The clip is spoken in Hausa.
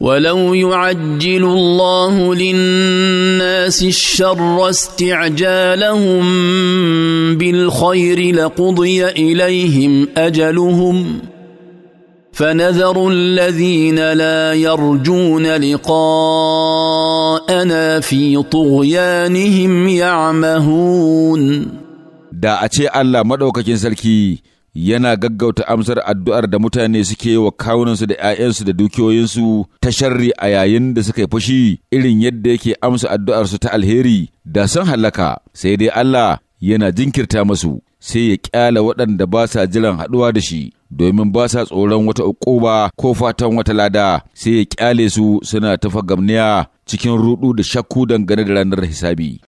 ولو يعجل الله للناس الشر استعجالهم بالخير لقضي اليهم اجلهم فنذر الذين لا يرجون لقاءنا في طغيانهم يعمهون da a ce Allah maɗaukakin sarki yana gaggauta amsar addu'ar da mutane suke yi wa kawunansu da ‘ya'yansu da dukiyoyinsu ta sharri a yayin da suka yi fushi irin yadda yake amsa addu'arsu ta alheri da sun hallaka sai dai Allah yana jinkirta masu sai ya ƙyala waɗanda ba sa jiran haɗuwa da shi domin ba sa tsoron wata uƙoba ko fatan wata lada sai ya ƙyale su suna tafa gamniya cikin ruɗu da shakku dangane da ranar hisabi.